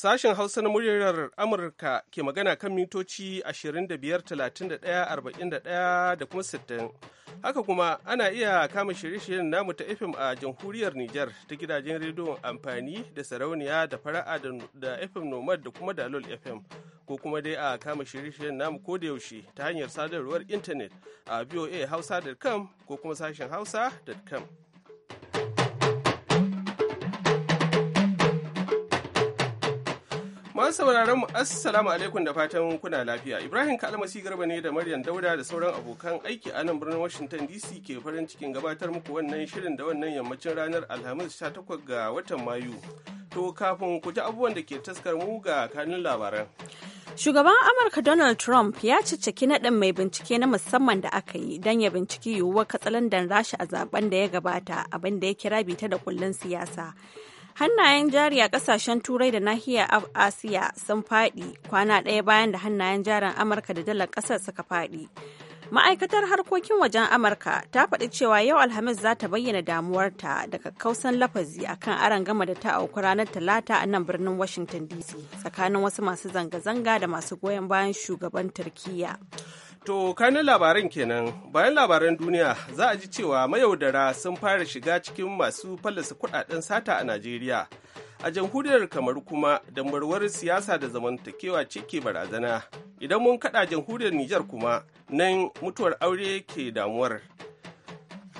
Sashen Hausa na muryar Amurka ke magana kan mitoci 25,31,41 da kuma 60. Haka kuma ana iya kama shirye-shiryen namu ta FM a jamhuriyar Nijar ta gidajen rediyon amfani da sarauniya da fara'a da FM Nomad da kuma Dalol FM. Ko kuma dai a kama shirye-shiryen namu ko da yaushe ta hanyar sadarwar intanet a hausa.com ko kuma sashen hausa.com. Masu sauraron mu assalamu alaikum da fatan kuna lafiya. Ibrahim Kalmasi Garba ne da Maryam Dauda da sauran abokan aiki a nan birnin Washington DC ke farin cikin gabatar muku wannan shirin da wannan yammacin ranar Alhamis 18 ga watan Mayu. To kafin ku ji abubuwan da ke taskar mu ga kanun labaran. Shugaban Amurka Donald Trump ya cicciki naɗin mai bincike na musamman da aka yi don ya binciki yiwuwar katsalandan rasha a zaben da ya gabata abinda da ya kira bita da kullun siyasa. Hannayen jari a kasashen Turai da nahiyar Asiya sun faɗi kwana ɗaya bayan da hannayen jarin Amurka da dalar ƙasar suka faɗi. Ma'aikatar harkokin wajen Amurka ta faɗi cewa yau Alhamis za ta bayyana damuwarta daga kausan lafazi akan aron gama da ta auku ranar Talata a nan birnin Washington DC tsakanin wasu masu zanga-zanga da masu goyon bayan shugaban Turkiyya. To kanin labaran kenan bayan labaran duniya za a ji cewa mayaudara sun fara shiga cikin masu fallasa kudaden sata a Najeriya. A jamhuriyar kamar kuma da marwar siyasa da zamantakewa ce ke barazana. Idan mun kada jamhuriyar Nijar kuma nan mutuwar aure ke damuwar.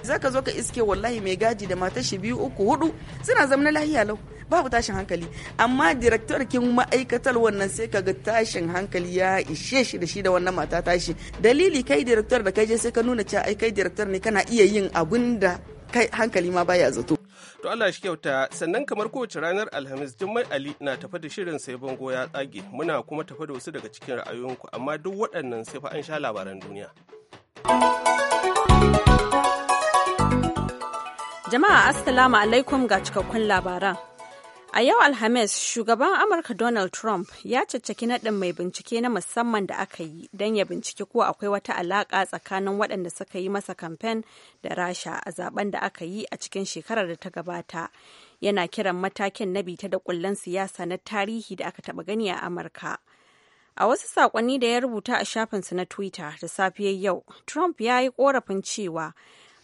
zaka zo ka iske wallahi mai gadi da matar shi biyu uku hudu suna zama na lahiya lau babu tashin hankali amma direktor kin ma'aikatar wannan sai kaga tashin hankali ya ishe shi da shi da wannan mata tashi dalili kai direktor da kai je sai ka nuna cewa ai kai direktor ne kana iya yin abun da kai hankali ma baya zato to Allah shi kyauta sannan kamar kowace ranar alhamis jummai ali na tafi da shirin sai bango ya tsage muna kuma tafa da wasu daga cikin ra'ayoyinku amma duk waɗannan sai fa an sha labaran duniya thank you Jama'a Assalamu alaikum ga cikakkun labaran. A yau Alhamis, shugaban Amurka Donald Trump ya caccaki naɗin mai bincike na musamman da aka yi don ya binciki ko akwai wata alaƙa tsakanin waɗanda suka yi masa kamfen da Rasha a zaben da aka yi a cikin shekarar da ta gabata. Yana kiran matakin na bita da ƙullen siyasa na tarihi da aka taɓa gani a Amurka. A wasu saƙonni da ya rubuta a shafinsa na Twitter da safiyar yau, Trump ya yi ƙorafin cewa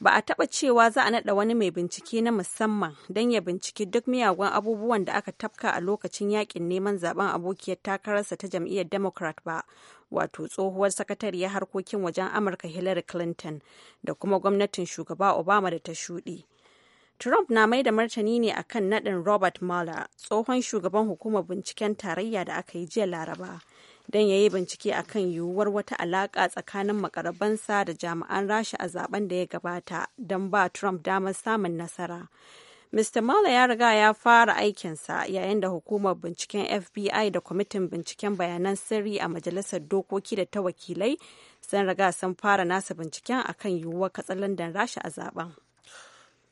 ba a taɓa cewa za a naɗa wani mai bincike na musamman don ya binciki duk miyagun abubuwan da aka tafka a lokacin yakin neman zaben abokiyar takararsa ta jam'iyyar democrat ba wato tsohuwar sakatariyar harkokin wajen amurka hillary clinton da kuma gwamnatin shugaba obama da ta shuɗe Trump na mai da martani ne akan naɗin Robert Mueller, tsohon shugaban hukumar binciken tarayya da aka yi jiya Laraba, don ya yi bincike a kan yiwuwar wata alaƙa tsakanin makarabansa da jami'an rasha a zaben da ya gabata don ba trump damar samun nasara mr Mueller ya riga ya fara aikinsa yayin da hukumar binciken fbi da kwamitin binciken bayanan sirri a majalisar dokoki da ta wakilai sun riga sun fara nasa binciken akan yiwuwar katsalandan rasha a zaben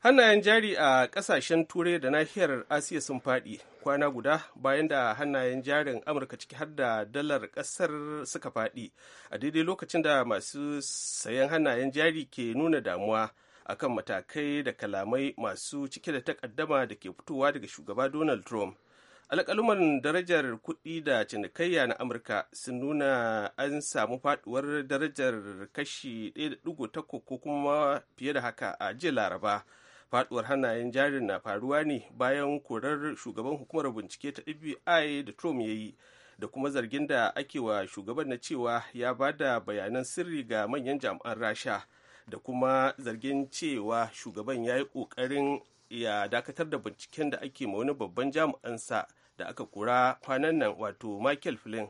hannayen jari a kasashen turai da nahiyar asiya sun faɗi kwana guda bayan da hannayen jarin amurka ciki har da dalar ƙasar suka faɗi a daidai lokacin da masu sayan hannayen jari ke nuna damuwa akan matakai da kalamai masu cike da takaddama da ke fitowa daga shugaba donald trump alƙaluman darajar kuɗi da cinikayya na amurka sun nuna an samu faɗuwar darajar kashi 1.8 ko kuma fiye da haka a jiya laraba faduwar hannayen jarin na faruwa ne bayan korar shugaban hukumar bincike ta fbi da trump ya yi da kuma zargin da ake wa shugaban na cewa ya ba da bayanan sirri ga manyan jami'an rasha da kuma zargin cewa shugaban ya yi ƙoƙarin ya dakatar da binciken da ake ma wani babban jami'ansa da aka kura kwanan nan wato michael flynn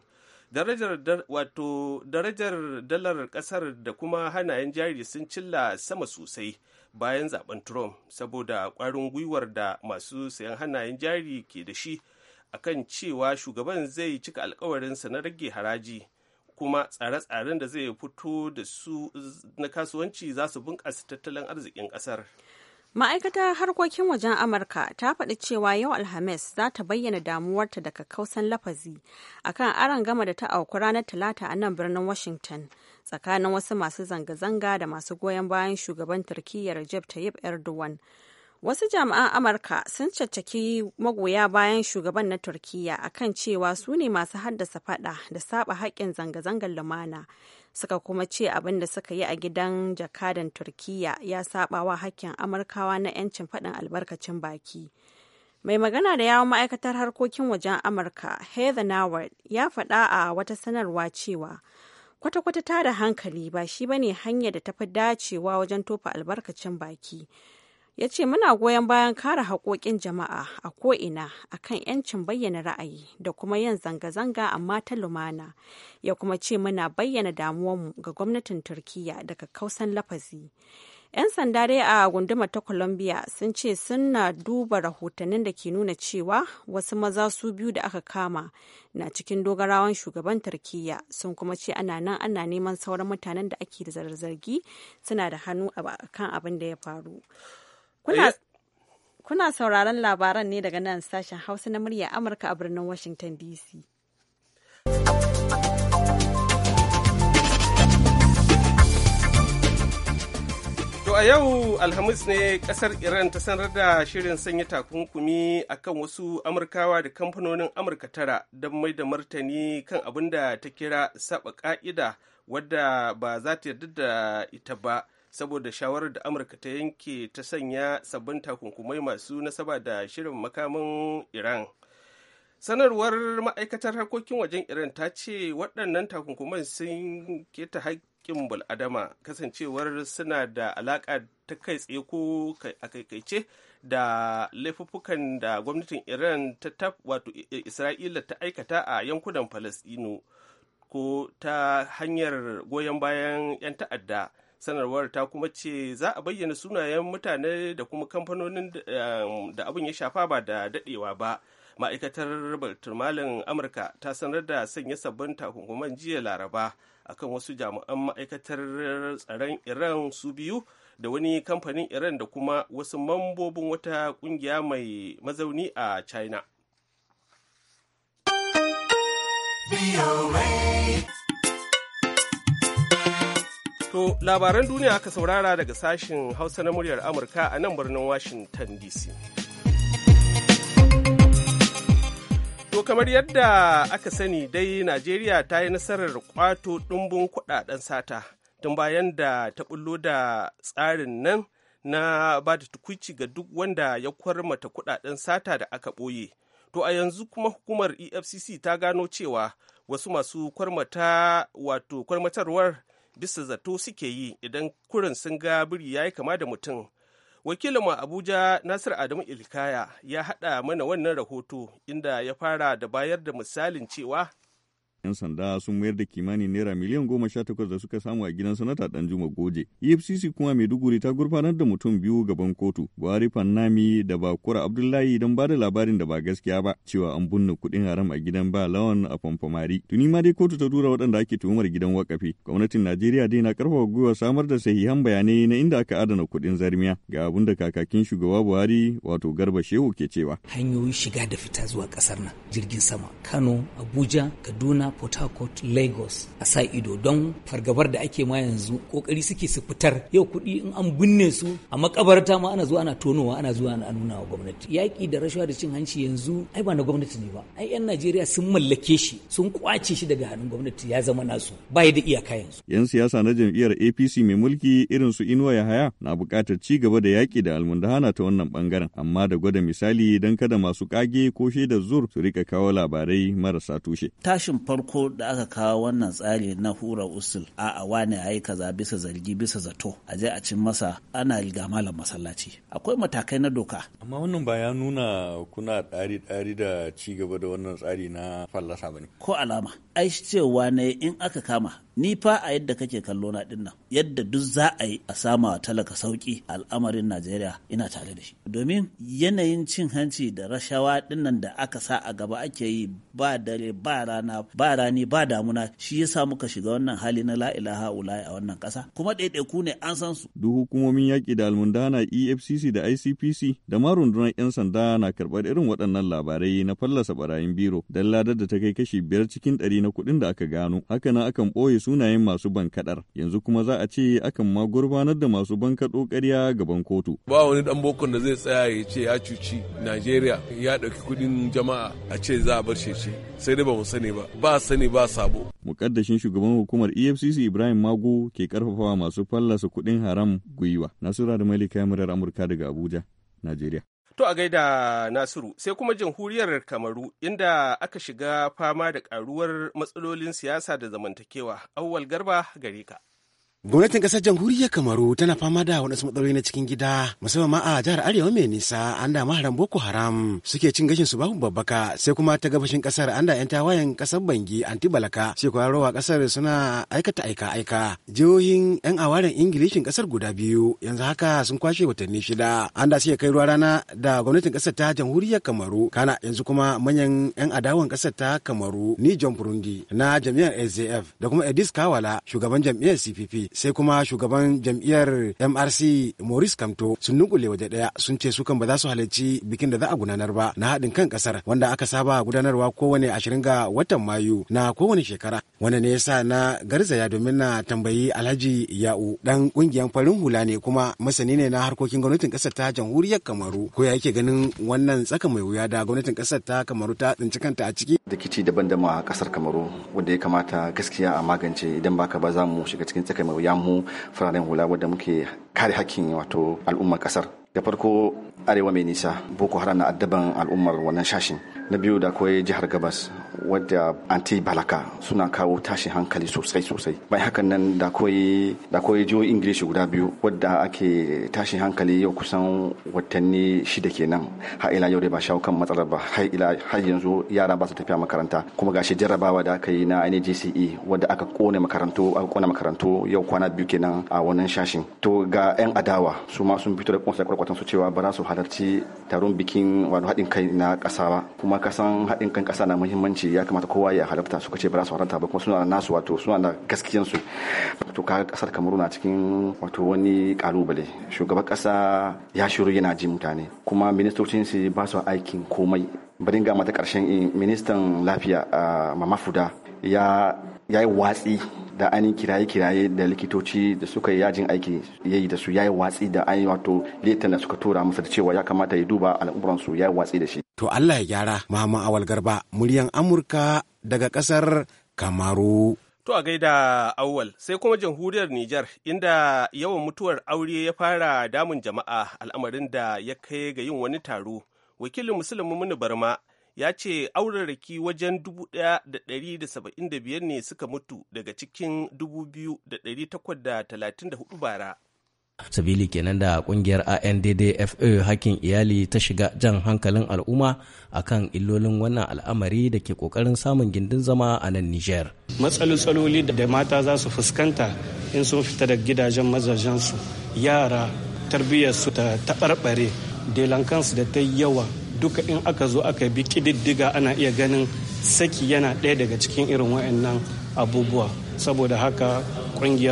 darajar wato darajar dalar kasar da kuma hannayen jari sun cilla sama sosai bayan zaben trump saboda kwarin gwiwar da masu sayan hannayen jari ke da shi a kan cewa shugaban zai cika alkawarinsa na rage haraji kuma tsare-tsaren da zai fito da su na kasuwanci za su bunƙasa tattalin arzikin ƙasar. Ma'aikatar harkokin wajen Amurka ta faɗi cewa yau Alhamis za ta bayyana damuwarta daga kausan lafazi akan aron gama da ta auku ranar Talata a nan birnin Washington tsakanin wasu masu zanga-zanga da masu goyon bayan shugaban turkiyya Recep Tayyip Erdogan. Wasu jami'an Amurka sun caccaki magoya bayan shugaban na Turkiyya akan cewa su ne masu haddasa fada da saba haƙƙin zanga-zangar lumana. Suka kuma ce abin da suka yi a gidan jakadan Turkiyya ya saba wa haƙƙin Amurkawa na 'yancin faɗin albarkacin baki. Mai magana da yawon ma'aikatar harkokin wajen Amurka, Heather Nauert, ya faɗa a wata sanarwa cewa kwata-kwata ta da hankali ba shi bane hanya da ta fi dacewa wajen tofa albarkacin baki ya ce muna goyon bayan kare haƙoƙin jama'a a ko'ina a kan 'yancin bayyana ra'ayi da kuma yin zanga-zanga amma ta lumana ya kuma ce muna bayyana damuwanmu ga gwamnatin turkiya daga kausan lafazi 'Yan sanda dai a gundumar ta Colombia sun ce suna duba rahotannin da ke nuna cewa wasu maza su biyu da aka kama na cikin dogarawan shugaban Turkiyya sun kuma ce ana nan ana neman sauran mutanen da ake da zargi suna da hannu kan abin da ya faru. Eh. Kuna, sauraron labaran ne daga nan sashen Hausa na murya Amurka a birnin Washington DC. To a yau Alhamis ne kasar Iran ta sanar da shirin sanya takunkumi a kan wasu Amurkawa da kamfanonin Amurka tara don mai da martani kan abin da ta kira saba ka'ida wadda ba za ta yarda da ita ba saboda shawarar da Amurka ta yanke ta sanya sabbin takunkumai masu nasaba da shirin makamin Iran. sanarwar ma'aikatar harkokin wajen iran ta ce waɗannan takunkuman sun keta haƙƙin bul'adama kasancewar suna da alaƙa ta kai tsaye ko a kaikaice da laifuffukan da gwamnatin iran ta taf wato isra'ila ta aikata a yankunan falasɗinu ko ta hanyar goyon bayan 'yan ta'adda sanarwar ta kuma ce za a bayyana sunayen mutane da kuma kamfanonin da eh, abin ya shafa ba da daɗewa ba ma'aikatar balturmalin amurka ta sanar da sanya sabbin takunkuman jiya laraba akan wasu jami'an ma'aikatar tsaron iran su biyu da wani kamfanin iran da kuma wasu mambobin wata kungiya mai mazauni a china To labaran duniya aka saurara daga sashen Hausa na muryar Amurka a nan birnin Washington DC. To kamar yadda aka sani dai Najeriya ta yi nasarar kwato ɗumbin kuɗaɗen sata tun bayan da ta bullo da tsarin nan na ba da tukuici ga duk wanda ya kwarmata kuɗaɗen sata da aka ɓoye. To a yanzu kuma hukumar EFCC ta gano cewa wasu masu kwarmata wato kwarmatarwar bisa zato suke yi idan kurin sun ga biri ya yi kama da mutum wakilin mu abuja nasir adamu ilkaya ya hada mana wannan rahoto inda ya fara da bayar da misalin cewa 'Yan sanda sun mayar da kimanin naira miliyan goma sha takwas da suka samu a gidan sanata juma Goje. EFCC kuma Maiduguri ta gurfanar da mutum biyu gaban kotu, Buhari Fannami da Bakura Abdullahi don ba da labarin da ba gaskiya ba, cewa an bunne kuɗin haram a gidan ba lawan a Famfamari. Tuni ma dai kotu ta tura waɗanda ake tuhumar gidan wakafi. Gwamnatin Najeriya dai na karfafa gwiwa samar da sahihan bayanai na inda aka adana kuɗin zarmiya. Ga abin da kakakin shugaba Buhari wato Garba Shehu ke cewa. Hanyoyin shiga da fita zuwa ƙasar nan jirgin sama Kano, Abuja, Kaduna, port harcourt lagos a sa ido don fargabar da ake ma yanzu kokari suke su fitar yau kuɗi in an binne su a makabarta ma ana zuwa ana tonowa ana zuwa ana nuna wa gwamnati yaƙi da rashawa da cin hanci yanzu ai ba na gwamnati ne ba ai yan najeriya sun mallake shi sun kwace shi daga hannun gwamnati ya zama nasu ba da iyaka yanzu yan siyasa na jam'iyyar apc mai mulki irin su inuwa yahaya na buƙatar ci gaba da yaƙi da almundahana ta wannan bangaren amma da gwada misali don kada masu kage ko shaidar zur su rika kawo labarai marasa tushe tashin farko farko da aka kawo wannan tsari na hura usul a'a wane yi kaza bisa zargi bisa zato a je a cin masa ana riga malam masallaci akwai matakai na doka amma wannan ba ya nuna kuna tsari tsari da ci gaba da wannan tsari na fallasa bane ko alama ai cewa ne in aka kama ni fa a yadda kake kallo na din yadda duk za a yi a sama talaka sauki al'amarin Najeriya ina tare da shi domin yanayin cin hanci da rashawa din da aka sa a gaba ake yi ba dare ba rana ba rani ba damuna shi yasa muka shiga wannan hali na la ilaha ulai a wannan kasa kuma ɗaiɗaiku ne an san su duk hukumomin yaƙi da almundana EFCC da ICPC da ma rundunar 'yan sanda na karɓar irin waɗannan labarai na fallasa barayin biro don ladar da ta kai kashi biyar cikin ɗari na kuɗin da aka gano haka nan akan ɓoye sunayen masu bankaɗar yanzu kuma za a ce akan ma gurbanar da masu bankaɗo ƙarya gaban kotu. Ba wani dan bokon da zai tsaya ya ce ya cuci Najeriya ya ɗauki kuɗin jama'a a ce za a bar shi sai dai ba mu sani ba ba sani ba sabo. Mukaddashin shugaban hukumar EFCC Ibrahim Mago ke karfafawa masu fallasa kuɗin haram gwiwa. Nasura da Malika Yamurar Amurka daga Abuja, Najeriya. To a gaida Nasiru sai kuma jamhuriyar Kamaru inda aka shiga fama da karuwar matsalolin siyasa da zamantakewa. Auwal Garba gare ka. Gwamnatin ƙasar jamhuriyar Kamaru tana fama da waɗansu matsaloli na cikin gida musamman ma a jihar Arewa mai nisa an da maharan Boko Haram suke cin gashin su babu babbaka sai kuma ta gabashin ƙasar an da 'yan tawayen ƙasar Bangi Antibalaka sai kuma rawa kasar suna aikata aika aika. Jihohin 'yan awaren Ingilishin kasar guda biyu yanzu haka sun kwashe watanni shida an da suke kai ruwa rana da gwamnatin kasar ta jamhuriyar Kamaru kana yanzu kuma manyan 'yan adawan kasar ta Kamaru ni John Burundi na jami'ar SJF da kuma Edis Kawala shugaban jami'ar CPP sai kuma shugaban jam'iyyar MRC Maurice Kamto sun nukule waje daya sun ce sukan ba za su halarci bikin da za a gudanar ba na haɗin kan kasar wanda aka saba gudanarwa kowane ashirin ga watan Mayu na kowane shekara. wanda ne yasa na garzaya domin na tambayi Alhaji Ya'u dan ƙungiyar farin hula ne kuma masani ne na harkokin gwamnatin ƙasar ta jamhuriyar Kamaru ko ya yake ganin wannan tsaka mai wuya da gwamnatin ƙasar ta Kamaru ta tsinci kanta a ciki. Rikici daban-daban a ƙasar Kamaru wanda ya kamata gaskiya a magance idan baka ba za mu shiga cikin tsaka mai ya mu fararen hula wadda muke kare hakkin wato al'ummar kasar da farko arewa mai nisa boko haram na addaban al'ummar wannan shashin na biyu da kawai jihar gabas wadda anti balaka suna kawo tashi hankali sosai sosai bai hakan nan da kawai da jihohi ingilishi guda biyu wadda ake tashi hankali yau kusan watanni shida kenan har ila yau dai ba shawo kan matsalar ba har ila har yanzu yara ba su tafiya makaranta kuma gashi jarrabawa da aka yi na NGCE wadda aka kone makarantu aka kone makarantu yau kwana biyu kenan a wannan shashin to ga yan adawa su ma sun fito da kwansa kwarkwatan su cewa ba za su halarci taron bikin wani haɗin kai na ƙasa ba kuma kasan haɗin kan ƙasa na muhimmanci ya kamata kowa ya halarta suka ce ba za su haranta ba kuma suna nasu wato suna da gaskiyan su to ka ƙasar kamaru na cikin wato wani kalubale shugaban ƙasa ya shiru yana ji mutane kuma ministocin su ba su aikin komai barin ga mata ƙarshen eh, ministan lafiya ah, Fuda. ya yi watsi da an kiraye-kiraye da likitoci da suka yi yajin aiki ya yi da su ya yi watsi da an wato letan da suka tura masa da cewa ya kamata ya duba al'umuransu ya yi watsi da shi To Allah ya gyara Muhammad Awal Garba muryan Amurka daga ƙasar Kamaru. To a gaida awwal sai kuma jamhuriyar Nijar inda yawan mutuwar aure ya fara damun jama'a al'amarin da ya kai ga yin wani taro. Wakilin Musulmi Barma ya ce aurarraki wajen 1,175 ne suka mutu daga cikin 2,834 bara. sabili kenan da kungiyar anddfa hakkin iyali ta shiga jan hankalin al'umma akan illolin wannan al'amari da ke kokarin samun gindin zama a nan niger matsaloli da mata za su fuskanta in sun fita da gidajen mazajensu yara tarbiyyar su ta taɓarɓare kansu da ta yi yawa duka in aka zo aka bi kididdiga ana iya ganin saki yana ɗaya daga cikin irin waɗannan abubuwa saboda haka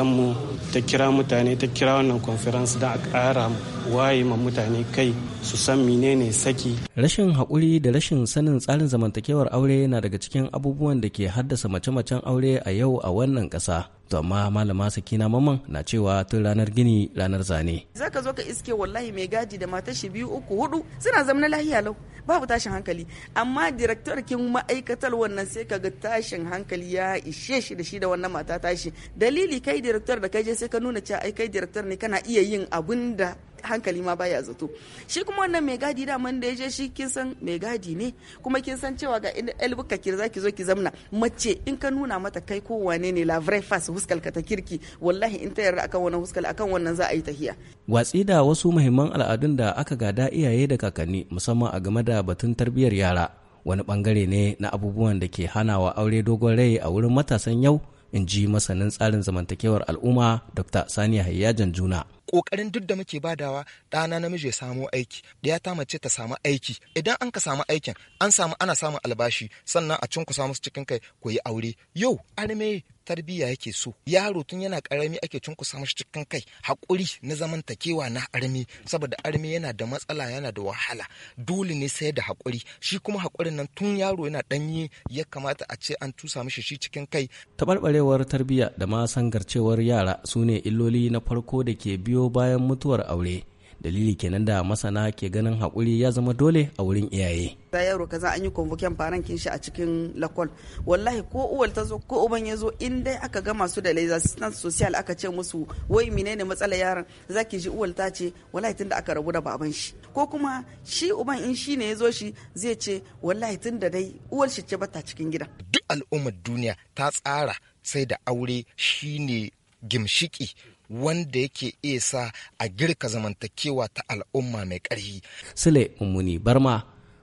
mu. ta kira mutane ta kira wannan conference don a ƙara waye ma mutane kai su san menene saki. Rashin haƙuri da rashin sanin tsarin zamantakewar aure na daga cikin abubuwan da ke haddasa mace-macen aure a yau a wannan ƙasa. to amma malama sakina maman na cewa tun ranar gini ranar zane zaka zo ka iske wallahi mai gadi da matar shi biyu uku hudu suna zama na lahiya lau babu tashin hankali amma direktor kin ma'aikatar wannan sai ka ga tashin hankali ya ishe shi da shi da wannan mata tashi dalili kai direktor da kai je sai ka nuna cewa ai kai direktor ne kana iya yin abun da hankali ma baya zato shi kuma wannan mai gadi da man da ya je shi kin san mai gadi ne kuma kin san cewa ga elbuka ki zaki zo ki zamna mace in ka nuna mata kai ko wane ne la vrai face huskal ka ta kirki wallahi in ta yarda akan wannan huskal akan wannan za a yi tahiya watsi da wasu muhimman al'adun da aka gada iyaye da kakanni musamman a game da batun tarbiyyar yara wani bangare ne na abubuwan da ke hanawa aure dogon rai a wurin matasan yau in ji masanin tsarin zamantakewar al'umma dr saniya hayyajan juna kokarin duk da muke badawa ɗana namiji ya samu aiki da ya ta mace ta samu aiki idan an ka samu aikin an samu ana samun albashi sannan a cin ku samu cikin kai ku yi aure yau arme tarbiyya yake so yaro tun yana karami ake cunkusa mashi cikin kai hakuri na zamantakewa na armi saboda armi yana da matsala yana da wahala dole ne sai da hakuri shi kuma hakurin nan tun yaro yana danye ya kamata a ce an tusa mishi shi cikin kai tabarbarewar tarbiyya da ma sangarcewar yara su ne illoli na farko da ke biyo biyo bayan mutuwar aure dalili kenan da masana ke ganin haƙuri ya zama dole a wurin iyaye. da yaro kaza an yi convocation faran kin shi a cikin lakol wallahi ko uwal ta zo ko uban ya zo in dai aka gama su da assistance social aka ce musu wai menene matsalar yaron zaki ji uwal ta ce wallahi tunda aka rabu da baban shi ko kuma shi uban in shi ne ya zo shi zai ce wallahi tunda dai uwal shi ce bata cikin gida duk al'ummar duniya ta tsara sai da aure shine gimshiki wanda yake iya sa a girka zamantakewa ta al'umma mai ƙarfi. Sule Mummuni Barma,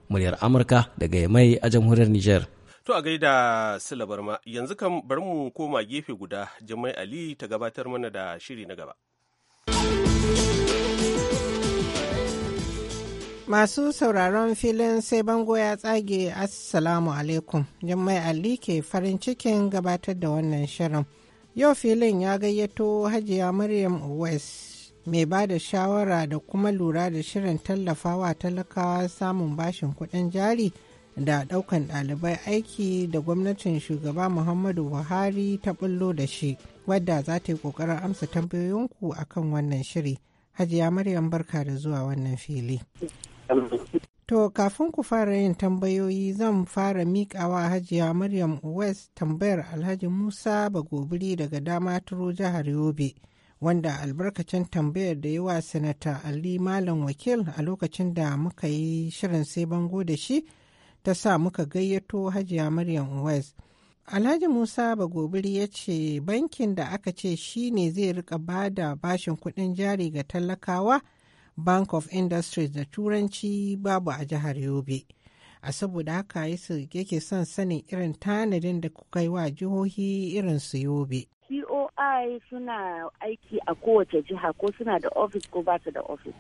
muryar Amurka daga Yamai a jamhuriyar Nijar. To a gaida Sule Barma, yanzu kan bar mu koma gefe guda, Jamai Ali ta gabatar mana da shiri na gaba. Masu sauraron filin sai bango ya tsage Assalamu alaikum, Jummai Ali ke farin cikin gabatar da wannan shirin. Yau filin ya gayyato Hajiya Maryam West mai ba da shawara da kuma lura da shirin tallafawa talakawa samun bashin kuɗin jari da ɗaukan ɗalibai aiki da gwamnatin shugaba Muhammadu Buhari ta bullo da shi wadda za ta yi ƙoƙarin amsa tambayoyinku akan wannan shiri. Hajiya Maryam barka da zuwa wannan fili. To kafin ku fara yin tambayoyi zan fara miƙawa hajiya Maryam West tambayar Alhaji Musa Bagobiri daga Damaturu jihar Yobe wanda albarkacin tambayar da yawa Sanata Ali Malam Wakil a lokacin da muka yi shirin sai bango da shi ta sa muka gayyato hajiya Maryam West. Alhaji Musa Bagobiri ya ce bankin da aka ce shi ne zai rika bada bashin kuɗin jari ga talakawa. bank of industries da turanci babu a jihar yobe a saboda haka yake son sanin irin tanadin da kuka yi wa jihohi irin su yobe coi suna aiki a kowace jiha ko suna da ofis ko ba su da ofis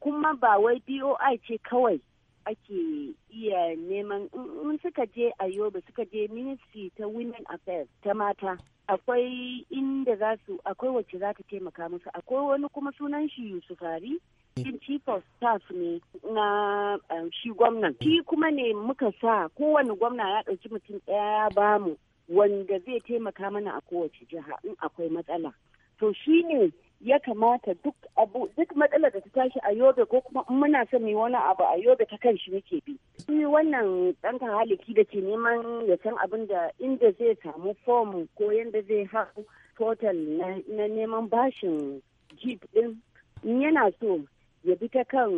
kuma ba wai boi ce kawai ake iya neman in suka je a yobe suka je ministry ta women affairs ta mata akwai inda za su akwai wacce za ta taimaka musu akwai wani kuma sunan shi yusufari Shin chief of staff ne na eh, shi gwamnan. Shi kuma ne muka sa kowane gwamna ya ɗauki mutum ɗaya ya bamu wanda zai taimaka mana a kowace jiha in akwai matsala. To shi ne ya kamata duk abu duk matsalar da ta tashi a yobe ko kuma in muna son mu wani abu a yobe ta kan shi muke bi shi wannan dan haliki da ke neman ya san abin da inda zai samu form ko yanda zai hau total na neman bashin jeep din in yana so ya bi ta kan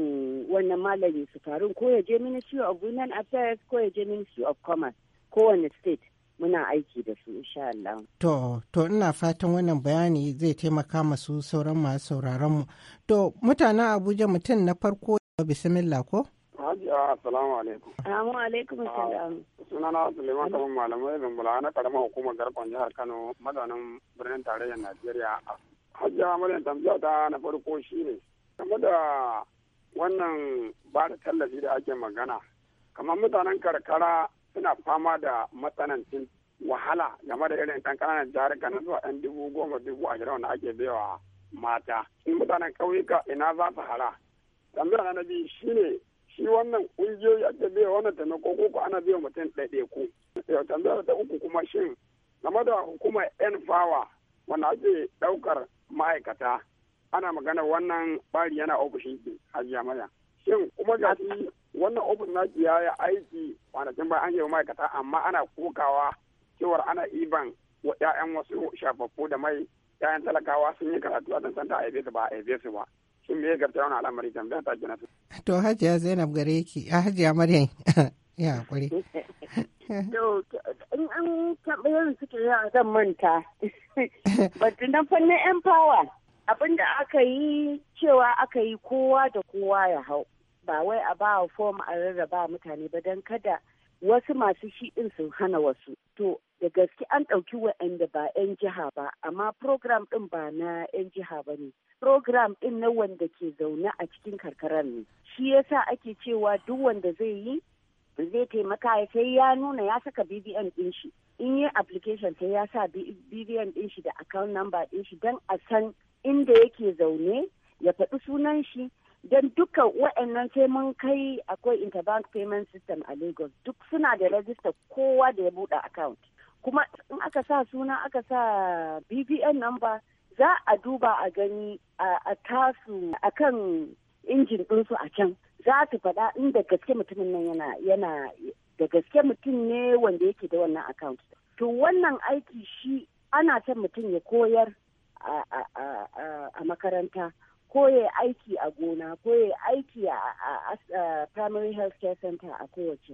wannan malami su faru ko ya je ministry of women affairs ko ya je ministry of commerce wani state muna aiki da su insha Allah. To, to ina fatan wannan bayani zai taimaka masu sauran masu sauraron mu. To, mutanen Abuja mutum na farko bismillah ko? Hajiya, assalamu alaikum. Assalamu alaikum assalam. Ah, sunana Suleiman Kaman Malamai Zumbula na karamar hukumar garkon jihar Kano mazaunin birnin tarayyar Najeriya. Hajiya Maryam tambaya ta na farko shine game da wannan ba da tallafi da ake magana. Kamar mutanen karkara suna fama da matsanancin wahala game da irin ɗan ƙananan jarika na zuwa ɗan dubu goma dubu ashirin wanda ake baiwa mata in mutanen ƙauyuka ina za su hara tambayar na biyu shine shi wannan ƙungiyoyi ake baiwa wannan taimako ko ko ana baiwa mutum ɗaiɗaiku eh, tambayar ta uku kuma shin game da hukumar yan fawa wanda ake ɗaukar ma'aikata ana magana wannan bari yana ofishin ki hajiya maya shin kuma ga shi wannan ofis na ya yi aiki kwanakin bayan an yi ma'aikata amma ana kokawa cewar ana iban wa 'ya'yan wasu shafaffu da mai 'ya'yan talakawa sun yi karatu a tantanta a yabe su ba a yabe su ba shin me garta gabta wani al'amari tambaya ta gina to hajiya zainab gare ki a ah, hajiya maryam ya hakuri in an taɓa yin suke a zan manta batu na fannin empower abinda aka yi cewa aka yi kowa da kowa ya hau ba wai a ba fom a rarraba mutane ba don kada wasu masu shi din sun hana wasu to da gaske an ɗauki waɗanda ba 'yan jiha ba amma program ɗin ba na 'yan jiha ba ne program ɗin na wanda ke zaune a cikin karkarar ne shi yasa ake cewa duk wanda zai yi zai taimaka ya sai ya nuna ya saka bbm ɗin shi in yi application sai ya sa bbm ɗin shi da account number ɗin shi don a san inda yake zaune ya faɗi sunan shi don duka wa'annan sai mun kai akwai interbank payment system a lagos duk suna da rajista kowa da ya buɗe account kuma in aka sa suna aka sa bbn number za a duba a gani a tasu a kan injin ɗinsu a can za su faɗa inda gaske mutumin nan yana yana da gaske mutum ne wanda yake da wannan account to wannan aiki shi ana son mutum ya koyar a makaranta ko ya aiki a gona ko ya aiki a primary health care center a kowace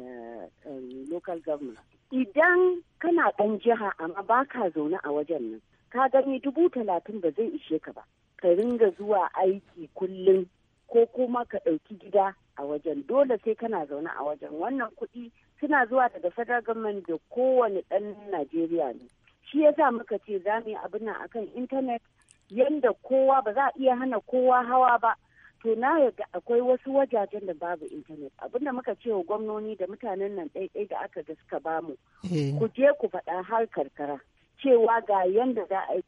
um, local government idan kana ɗan jiha amma ba ka zaune a wajen nan ka gani dubu talatin ba zai ishe ka ba ka ringa zuwa aiki kullum ko kuma ka ɗauki gida a wajen dole sai kana zaune a wajen wannan kuɗi suna zuwa daga federal government da kowane ɗan najeriya ne shi yasa muka ce za mu yi abin nan akan intanet yanda kowa ba za a iya hana kowa hawa ba to na yaga akwai wasu wajajen da babu intanet abinda muka ce wa gwamnoni da mutanen nan ɗaiɗai da aka ga suka bamu eh. ku je ku faɗa har karkara cewa ga yanda za a yi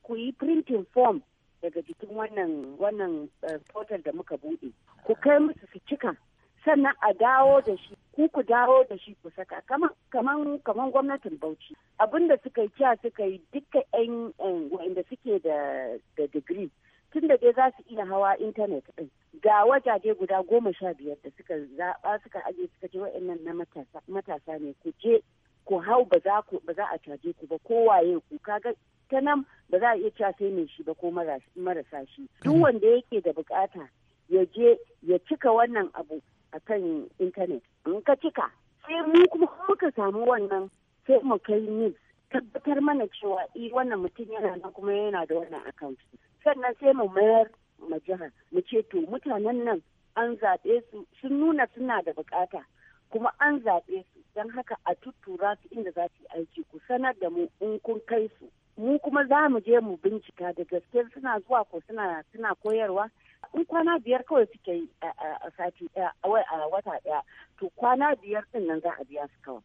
ku yi printing form daga jikin wannan wannan eh, portal da muka buɗe ku kai musu su cika sannan a dawo da shi ku dawo da shi ku saka kaman kaman gwamnatin Bauchi abinda suka yi kiya suka yi duka yan wanda suke da da degree tun da dai za su iya hawa intanet din ga wajaje guda goma sha biyar da suka zaba suka aje suka ce wa'annan na matasa matasa ne ku je ku hau ba za ba za a caje ku ba kowaye ku kaga ta nan ba za a iya cewa sai mai shi ba ko marasa shi duk mm. wanda yake da bukata ya je ya cika wannan abu a kan intanet in ka cika sai mu kuma muka samu wannan sai mu kai news tabbatar mana cewa i eh, wannan mutum yana nan kuma yana da wannan account sannan sai mu mayar ma jihar mu ce to mutanen nan an zaɓe su sun nuna suna da bukata kuma an zaɓe su don haka a tuttura su inda za su yi aiki ku sanar da mu in kun kai su mu kuma za mu je mu bincika da gaske suna zuwa ko suna koyarwa in kwana biyar kawai suke yi a sati a wata daya to kwana biyar ɗin nan za a biya su kawai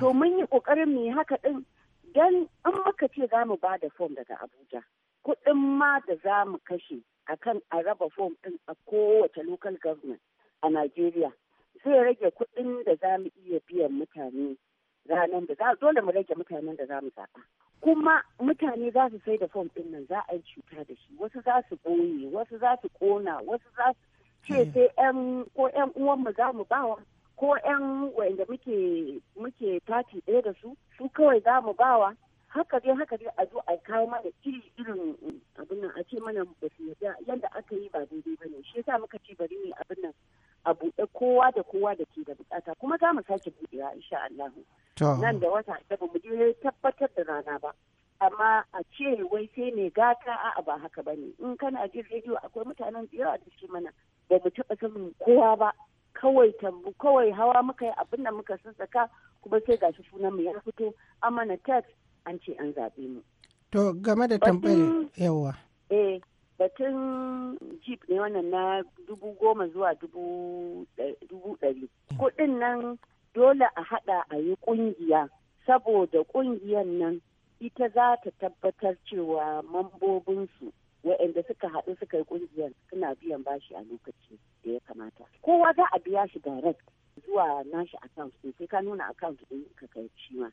to mun yi ƙoƙarin mu yi haka din dan in muka ce za mu ba da fom daga abuja kuɗin ma da za mu kashe akan a raba fom ɗin a kowace local government a Najeriya zai rage kuɗin da za mu iya biyan mutane ranar da za dole mu rage mutanen da za mu zaɓa kuma mutane za su sai da fom ɗin nan za a yi cuta da shi wasu za su ɓoye wasu za su ƙona wasu za su ce hmm. sai yan ko yan uwanmu za mu bawa ko yan wanda muke muke tati ɗaya da su su kawai za mu bawa haka dai haka dai a zo a kawo mana iri irin abin nan a ce mana ba su yadda yadda aka yi ba daidai ba ne shi yasa muka ce bari ne abin nan a buɗe kowa da kowa da ke da bukata kuma za mu sake buɗewa insha Allah. Nan da wata da ba mu je tabbatar da rana ba. Amma a ce wai sai mai gata a ba haka ba ne. In kana jin rediyo akwai mutanen da yawa da ke mana ba mu taɓa sanin kowa ba. Kawai tambu kawai hawa muka yi abin da muka sassaka kuma sai gashi sunan mu ya fito Amma na tax an ce an zaɓe mu. To game da tambayar yawa. Eh batun jeep ne wannan na dubu goma zuwa dubu ɗari kuɗin nan dole a haɗa a yi ƙungiya saboda ƙungiyar nan ita za ta tabbatar cewa mambobinsu wa'anda suka haɗu suka yi ƙungiyar suna biyan bashi a lokaci da ya kamata kowa za a biya shi direct zuwa nashi account ne sai ka nuna account ɗin ka kai ma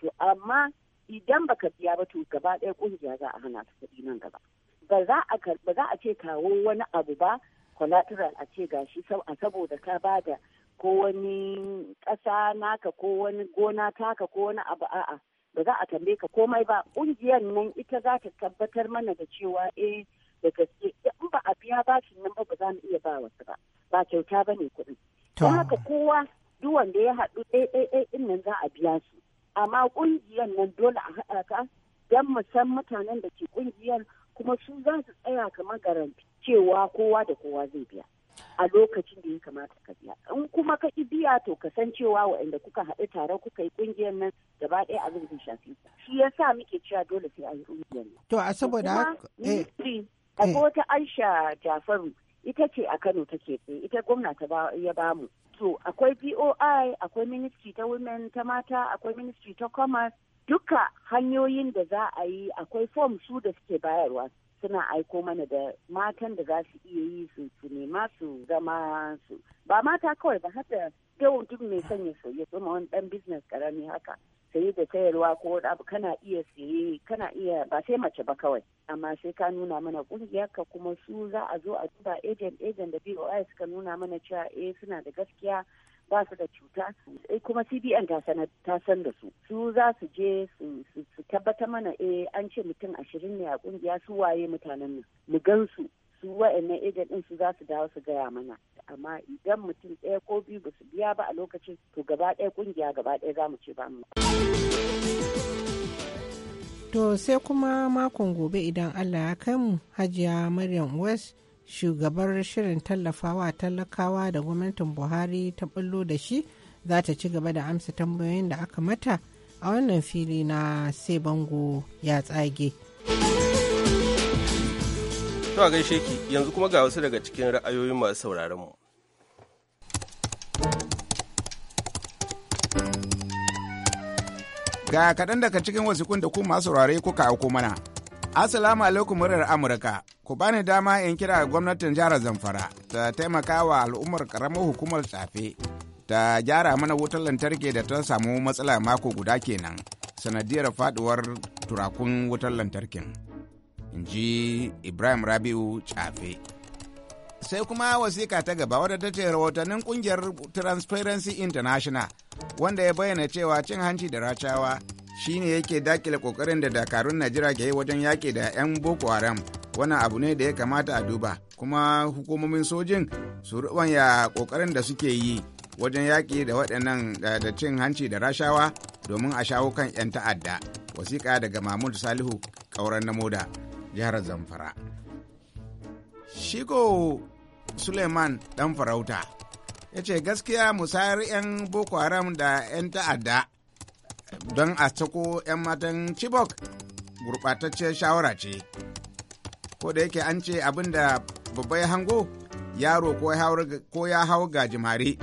to amma idan baka biya ba to gaba ɗaya ƙungiya za a hana su kuɗi nan gaba ba za a za a ce kawo wani abu ba collateral a ce gashi saboda ka bada ko wani ƙasa naka ko wani gona taka ko wani abu a'a ba za a tambaye ka komai ba ƙungiyar nan ita za ta tabbatar mana da cewa eh da gaske in ba a biya bashin nan ba ba za mu iya ba wasu ba ba kyauta ba ne kuɗin don haka kowa duk wanda ya haɗu ɗaya ɗin nan za a biya su amma ƙungiyar nan dole a haɗa ka don mu san mutanen da ke ƙungiyar kuma su za su tsaya kamar garanti cewa kowa da kowa zai biya a lokacin da ya kamata ka biya in kuma ka ki biya to ka san cewa waɗanda kuka haɗu tare kuka yi ƙungiyar nan gaba ɗaya abin zai shafi shi ya sa muke cewa dole sai a yi ƙungiyar nan to a saboda haka eh. wata aisha jafaru ita ce a kano take tsaye ita gwamna ta ya bamu to akwai boi akwai ministry ta women ta mata akwai ministry ta commerce duka hanyoyin da za a yi akwai fom su da suke bayarwa suna aiko mana da matan da za su iya yi su nema su zama su ba mata kawai ba hata yawan duk mai sanya ya zama wani dan business karami haka saye da sayarwa ko abu kana iya saye kana iya ba sai mace ba kawai amma sai ka nuna mana kungiyar ka kuma su za a zo a duba agent agent da BOI suka nuna mana cewa e suna da gaskiya ba su da cuta eh, kuma cbn ta san da su su za su je su tabbatar mana eh an ce mutum ashirin ne a kungiya su waye mutanen nan mu gan su su wa'annan agent din su za su dawo su gaya mana amma idan mutum ɗaya ko biyu ba su biya ba a lokacin to gaba ɗaya kungiya gaba ɗaya za mu ce ba mu to sai kuma makon gobe idan allah ya kai mu hajiya maryam west shugabar shirin tallafawa talakawa da gwamnatin buhari ta bullo da shi za ta ci gaba da amsa tambayoyin da aka mata a wannan fili na sai bango ya tsage a gaishe yanzu kuma ga wasu daga cikin ra'ayoyin masu sauraron mu ga kaɗan daga cikin da kuma saurare kuka auko mana Asalamu alaikum murar Amurka. Ku bani dama in kira gwamnatin jihar Zamfara ta taimaka wa al'ummar karamar hukumar tsafe ta gyara mana wutar lantarki da ta samu matsala mako guda kenan sanadiyar faduwar turakun wutar lantarkin. In ji Ibrahim Rabiu Tsafe. Sai kuma wasika ta gaba wadda ta ce rahotannin kungiyar Transparency International wanda ya bayyana cewa cin hanci da racawa shine yake dakile kokarin da dakarun najira ke yi wajen yaƙi da 'yan boko haram wannan abu ne da ya kamata a duba kuma hukumomin sojin su ya kokarin da suke yi wajen yaƙi da waɗannan da cin hanci da rashawa domin a shawo kan 'yan ta'adda wasiƙa daga mahmud salihu ƙauren na moda jihar zamfara shigo suleiman ɗan farauta ya ce gaskiya musayar 'yan boko haram da 'yan ta'adda don a sako 'yan matan Chibok gurɓataccen shawara ce. Ko da yake an ce abin da babba ya hango, yaro ko ya hau gajimare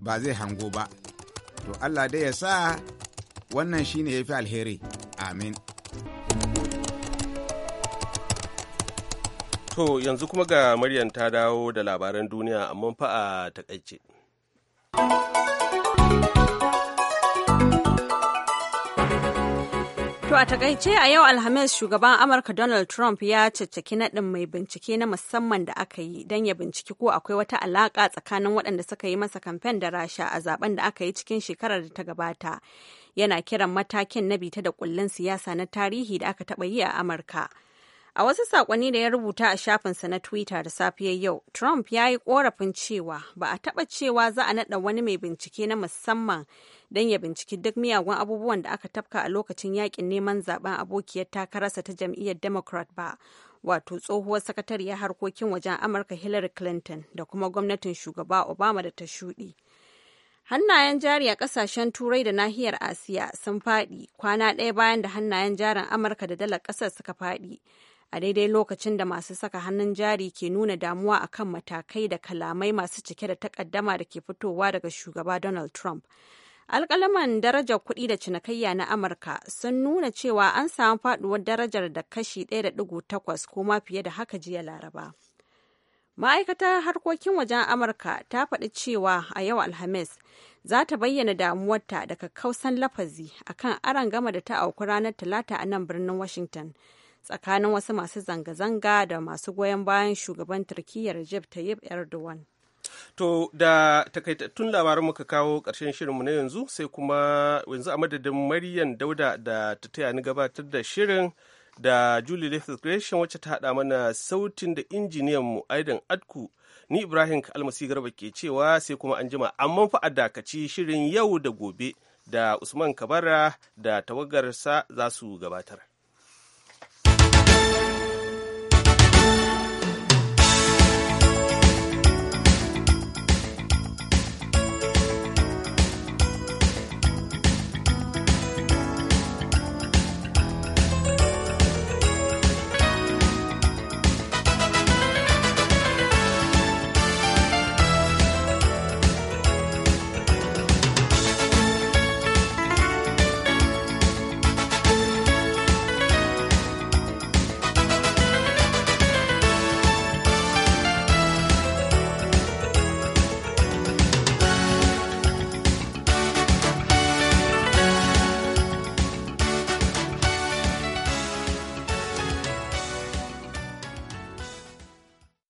ba zai hango ba. To Allah dai ya sa wannan shine ya fi alheri. Amin. To yanzu kuma ga Maryam ta dawo da labaran duniya amma fa a takaice. a takaice a yau Alhamis shugaban Amurka Donald Trump ya caccaki naɗin mai bincike na musamman da aka yi don ya binciki ko akwai wata alaƙa tsakanin waɗanda suka yi masa kamfen da rasha a zaben da aka yi cikin shekarar da ta gabata. Yana kiran matakin na bita da ƙullin siyasa na tarihi da aka taɓa yi a Amurka. A wasu sakonni da ya rubuta a shafinsa na Twitter da safiyar yau, Trump ya yi korafin cewa ba a taɓa cewa za a naɗa wani mai bincike na musamman don ya binciki duk miyagun abubuwan da aka tafka a lokacin yakin neman zaben abokiyar takararsa ta jam'iyyar Democrat ba, wato tsohuwar sakatariyar harkokin wajen Amurka Hillary Clinton da kuma gwamnatin shugaba Obama da ta shuɗe. Hannayen jari a ƙasashen Turai da nahiyar Asiya sun faɗi kwana ɗaya bayan da hannayen jarin Amurka da dalar ƙasar suka faɗi a daidai lokacin da masu saka hannun jari ke nuna damuwa akan matakai da kalamai masu cike da takaddama da ke fitowa daga shugaba Donald Trump. alkalaman darajar kuɗi da cinikayya na amurka sun nuna cewa an samu faduwar darajar da kashi 1.8 ko ma fiye da haka jiya laraba ma'aikatar harkokin wajen amurka ta faɗi cewa a yau alhamis za ta bayyana damuwarta daga kausan lafazi akan aron gama da ta auku ranar talata a nan birnin washington tsakanin wasu masu zanga-zanga da masu goyon bayan shugaban turkiyya Recep Tayyip Erdogan. To da takaitattun labaran muka kawo ƙarshen shirinmu na yanzu sai kuma yanzu a madadin Maryam Dauda da ta taya ni gabatar da shirin da Julie Lethal Creation wacce ta haɗa mana sautin da injiniyan mu Aidan Atku ni Ibrahim Almasi Garba ke cewa sai kuma an jima amma fa a dakaci shirin yau da gobe da Usman Kabara da tawagarsa za su gabatar.